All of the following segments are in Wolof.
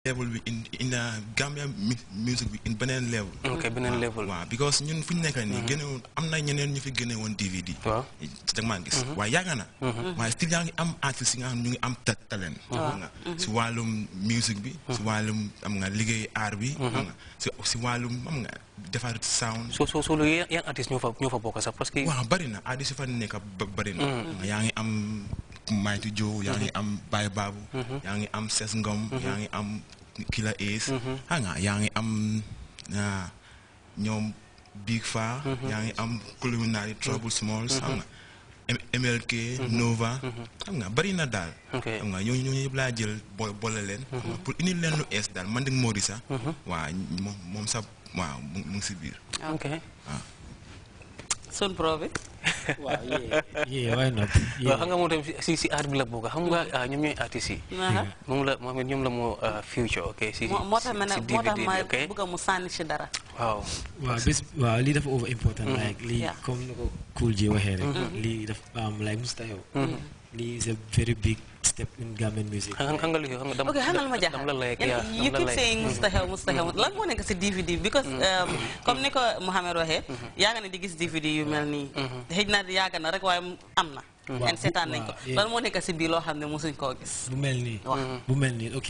level bi in in uh, Gambia music bi in beneen level ok beneen level waaw because ñun fu ñu nekk nii mhm. génne woon am na ñeneen ñu fi génne woon DVD waaw dag maa gis mhm. waaye yàgg na mhm. waaye still yaa ngi am artiste yi nga xam ñu ngi am talent xam nga si wàllum music bi si wàllum am nga liggéey art bi xam nga si si wàllum am nga defar sound so so so lu yan artiste ñoo fa ñoo fa bokk sax parce que waaw bëri na artiste yu fa nekk bëri na mm. yaa ngi am Mighty Joe yaa ngi am Baye Babu mhm. yaa ngi am Ses Ngom mhm. yaa ngi am Killa Ace xam mhm. nga yaa ngi am ah, ñoom Big Faa yaa ngi am Culiminary Trouble Smalls xam nga MLK Nova xam nga bari na daal xam nga ñooñu ñooñu yëpp laa jël boole leen pour indil leen lu ees daal man dëgg Morissa waaw moom moom sax waaw mu ngi si biir ah. sun pro waaw yéen waaye nag. waaw xam nga moom tamit si aar bi la bokk xam nga ñoom ñooy yi. moom la moom la moo future ok. si si moo tax ma ne moo mu sànni si dara. waaw waaw bés waaw lii dafa over important. Mm-hmm. like lii comme ni ko Koul ji waxee lii dafa like musta xew mm-hmm. lii is a very big step in Gambian music. xam nga lu xam nga ok xangal ma jaaxal you keep saying mustahil mustahil mm-hmm. lan moo nekk si DVD because mm-hmm. um, comme ni ko Mohamed waxee mm-hmm. yàgg na di gis DVD yu mel nii xëj na yàgg na rek waaye am na en seetaan nañ lan moo nekk si biir loo xam ne mosuñ koo gis bu mel nii bu mel nii ok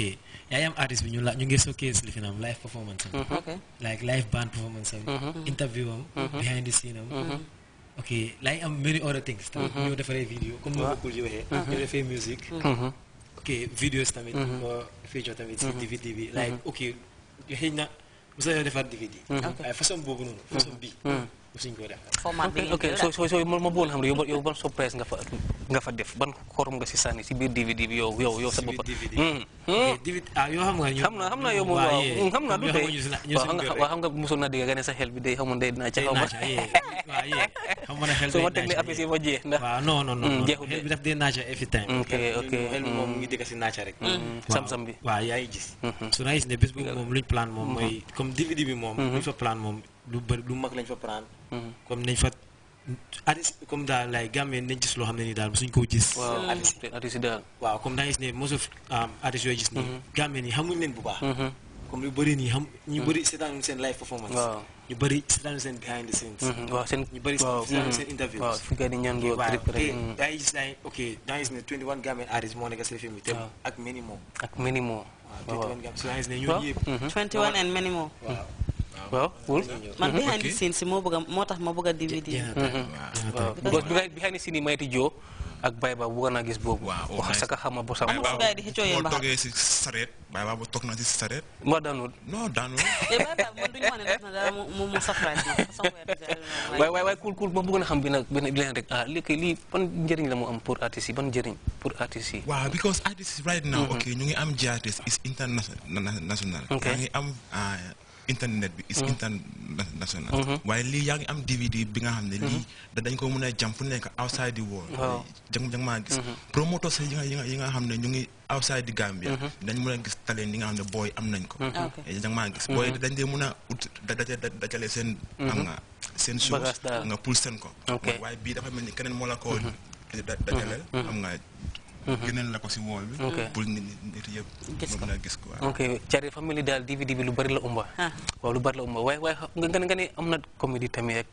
yaay am artiste bi ñu ngi showcase li fi naam live performance am interview am behind scene am ok laay am many other things tamit ñoo defaree vidéo comme moo bokkul ji waxee ñoo defee musique mm-hmm. ok videos tamit moo tamit si DVD bi like ok xëy na mosa yoo defar DVD waaye façon boobu noonu façon bii mm-hmm. mm-hmm. suñ ko def format bi ok soo soo soo ma bëggoon xam ne yow yow ban surprise nga fa nga fa def ban xorom nga si sànni si biir DVD bi yow yow yow yow moom waaw hmm, xam bi daf dee naa ca time. ok bi hmm. moom mu ngi dëkk si naa ca rek. Hmm, bi waaw moom luñ plan moom mooy comme DVD bi moom luñ fa plan moom lu bëri lu mag lañ fa prendre. Mhm. comme nañ fa artiste comme daal lay gàmmee nañ gis loo xam ne nii daal suñ koo gis. waaw artiste daal. waaw ne a um, artiste nii. Mhm. xamuñ leen bu baax. Mhm. comme lu bëri nii xam ñu bëri seetaan seen live performance. ñu bëri seetaan seen behind the scenes. waaw seen ñu bëri seetaan seen interviews. waaw fu ngeen di ñaan ngoo trip rek. daa gis naa ok daa gis ne 21 gàmmee artiste moo nekk seen film bi. ak minimum. ak minimum. waaw 21 gàmmee. waaw 21 and waaw wul man mhm. si moo a moo tax ma bëgg a DVD waaw because behind the bay ba bëgg naa gis boobu wax saka xama bo sama bay ba di xëccoo yéen ba toogee si sareet bay ba bu toog na si sareet mbaa daanul non daanul waay waay waay na xam bi nag benn leen rek ah, lii ban njëriñ la mu am pour artistes yi ban njëriñ pour artistes yi waaw because artistes right now mm-hmm. ok ñu ngi am artistes is international ngi am ah, internet bi is mm. international mm-hmm. waaye lii yaa ngi am DVD bi nga xam ne lii mm-hmm. dañ ko mën a jam fu nekk outside the world jang jang maa gis mm-hmm. promoteurs yi nga yi nga xam ne ñu ngi outside the Gambia dañ mën a gis talent yi nga xam ne booy am nañ ko ah, jang maa gis booy dañ dee mën a ut dajale seen am nga seen shows nga pull seen ko waaye bii dafa mel ni keneen moo la ko dajale am nga geneen la ko si wool bi pour nit yëpp mën a gis donc Thiaré famille daal DVD bi lu bari la umba ah. waaw lu bari la umba waaye waaye nga nga ne am na comédie tamit rek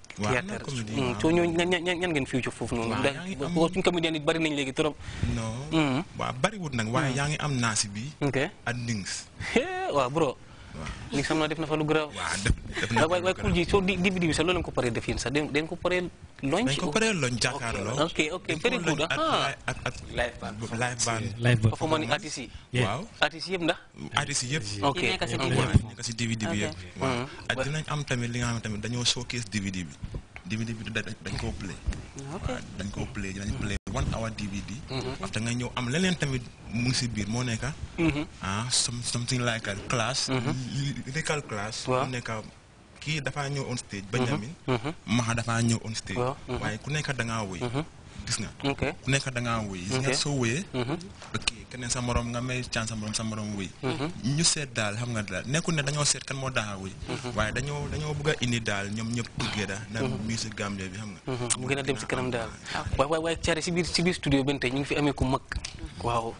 théâtre hmm, soo ñoo ñan ngeen future foofu noonu ndax suñu comédien yi bari nañ léegi trop hmm. bariwut nag waaye hmm. yaa ngi am naasi bi ak ndings waaw bro mi sam na def na fa lu grave waaw waay waay kul ji soo di bi sax loolu ko paree def yéen sax dañ ko paree loñ dañ ko paree loñ jàkkaarloo ok ok very good ah ak live band live band foofu ma ni artiste yi waaw yëpp ndax artiste yëpp ok nekk si DVD bi yëpp waaw ak dinañ am tamit li nga xam ne tamit dañoo showcase DVD bi DVD bi dañ koo play. Ah, dañ koo play dañ mm-hmm. play one hour DVD. Mm-hmm. after nga ñëw am leneen tamit mu ngi si biir moo nekka mm-hmm. ah something like a class. lyrical class. waaw mu nekka kii dafaa ñëw on stage. Benjamin. Maha dafaa ñëw on stage. waaye ku nekk da ngaa woy. gis nga. ku nekk da ngaa woy. gis soo woyee. ne sa morom nga may chance sa morom sa morom wuy mhm. ñu seet daal xam nga daal nekkul ne dañoo seet kan moo daaxa wuy mhm. waaye dañoo dañoo bëgg a indi daal ñoom ñëpp tuggee mhm. da na Gambie bi xam nga mu gën a dem si kanam daal waaye waaye waaye biir studio benn tey ñu fi amee ku mag waaw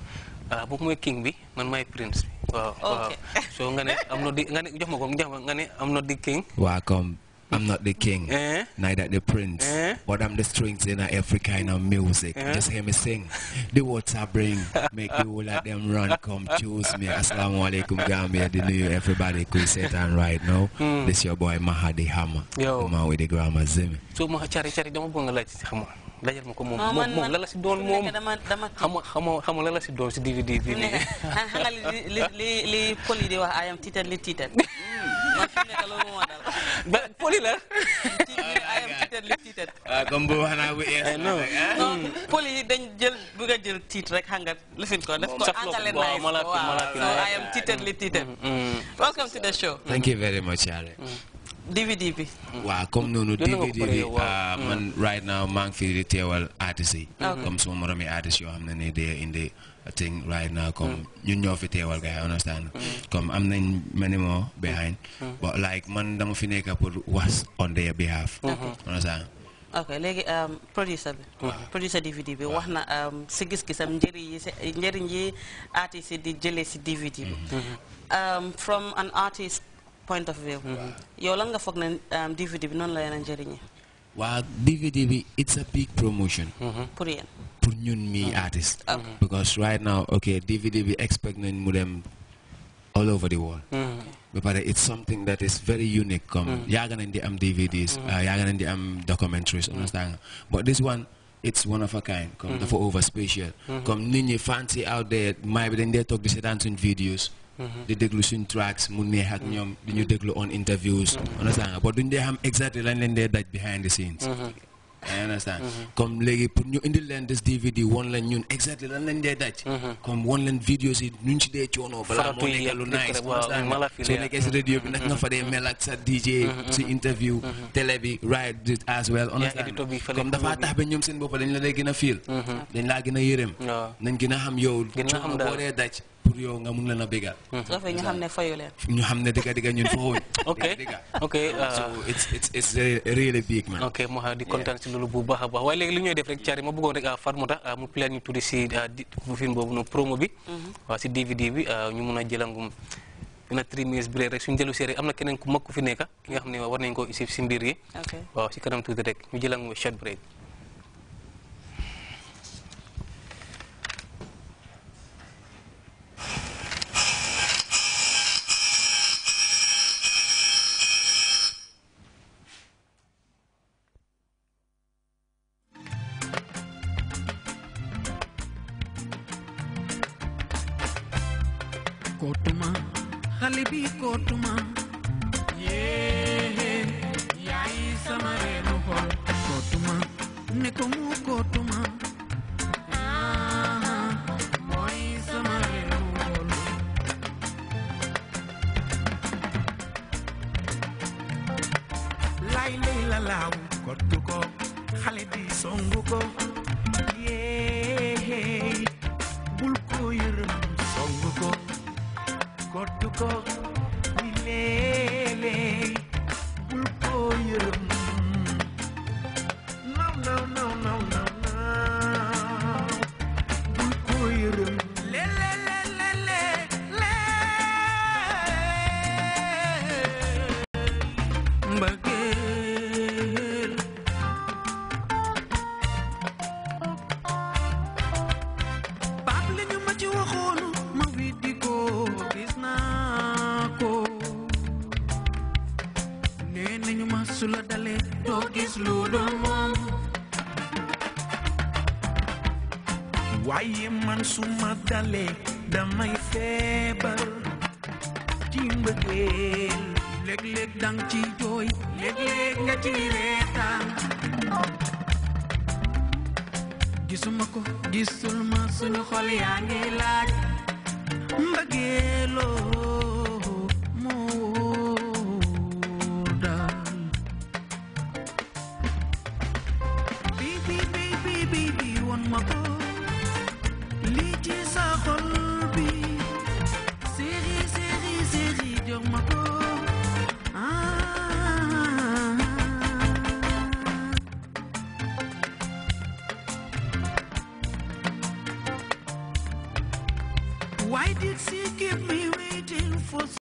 ah, boobu mooy king bi man maay prince bi waaw so nga ne am na di nga ne jox ma ko jox ma nga king waaw comme I'm not the king, eh? neither the prince, eh? but I'm the strength in every kind of music. Eh? Just hear me sing. The water bring, make the whole of them run, come choose me. Assalamu alaikum, Gambia, the new everybody could sit and right now. Mm. This your boy Mahadi Hammer, Yo. the man with the grammar Zimmy. So Maha Chari Chari, don't go like this Hammer. dajal ma ko moom ah, moom moom la la si doon moom xama xama xama la la si doon si DVD bi. xanaa li li li pël yi di wax ayam tiital li tiital. nekk loolu moo dal ba poli la I am tiited li tiited comme bu wax naa bu ees ah. non poli dañ jël bëgg a jël tiit rek xam nga lifin ko def ko angale nice waaw so I am tiited li tiited welcome to the show thank you very much DVD bi. waaw comme noonu DVD bi ah, man mm. right now maa ngi fi di teewal artistes yi. Ah, comme suma moromi artistes yoo xam na ni day indi thing right now comme mm. ñun ñoo fi teewal gars understand mm. comme am nañ many more behind. like man dama fi nekk pour wax on their behalf. Mm-hmm. understand ok léegi um, producer bi producer wax na um, si gis-gisam njëriñ yi si njëriñ yi artistes yi di jëlee si DVD bi. Mm-hmm. Um, from an artist. point of view mm-hmm. you're nga foog um, DVD non la leen a DVD it's a big promotion mm-hmm. pour yéen mm-hmm. artist ah. because right now ok DVD we expect nañ mu all over the world But but it's something that is very unique Come, yaaga nañ di am DVDs ah, yaaga nañ di am documentaries understand but this one it's one of a kind Come, dafa over special Come, nini fancy out there Maybe then they talk toog di videos Mm-hmm. di déglu suñ tracks mu neex ak ñoom di ñu déglu on interviews understand mm-hmm. nga but duñ dee xam exactly lañ leen dee daj behind the scenes mm-hmm. understand mm-hmm. comme léegi pour ñu indil leen des DVD won leen ñun exactly lan lañ dee daj mm-hmm. comme won leen videos yi nuñ ci dee coono balaa moo nekk lu nice soo dee mm-hmm. mel ak sa DJ si interview télé bi right as well understand comme dafaa tax ba ñoom seen bopp dañ la dee gën a fiil dañ laa gën a yërëm nañ gën a xam yow coono boo dee daj pour yow nga mun leen a bégal ñu xam ne fayu leen ñu xam ne dëgg dëgg ñun foofu ok ok so uh, it's it's it's really big man ok moo xam di kontaan si loolu bu baax a baax waaye léegi li ñooy def rek caari ma bëggoon rek ah, a ah, mu tax mu plan ñu tuddi si ah, film boobu noonu promo bi mhm. waaw si DVD bi ñu mun a jëlangum na three minutes bi rek suñu am na keneen ku mag ku fi nekk ki nga xam ne war nañ ko si mbir yi waaw si kanam tuuti rek ñu jëlangum short break కోటుమా హలిబీ కోటుమా ఏ యాయి సమరేను హో కోటుమా నికుము కోటుమా కొట్టుకో ma su la lu dul waaye man su ma damay feebar ci mbëggeel léeg-léeg dang ci jooy léeg-léeg nga ci reetaan gisuma ko gisul ma xol yaa ngi laaj mbëggeeloo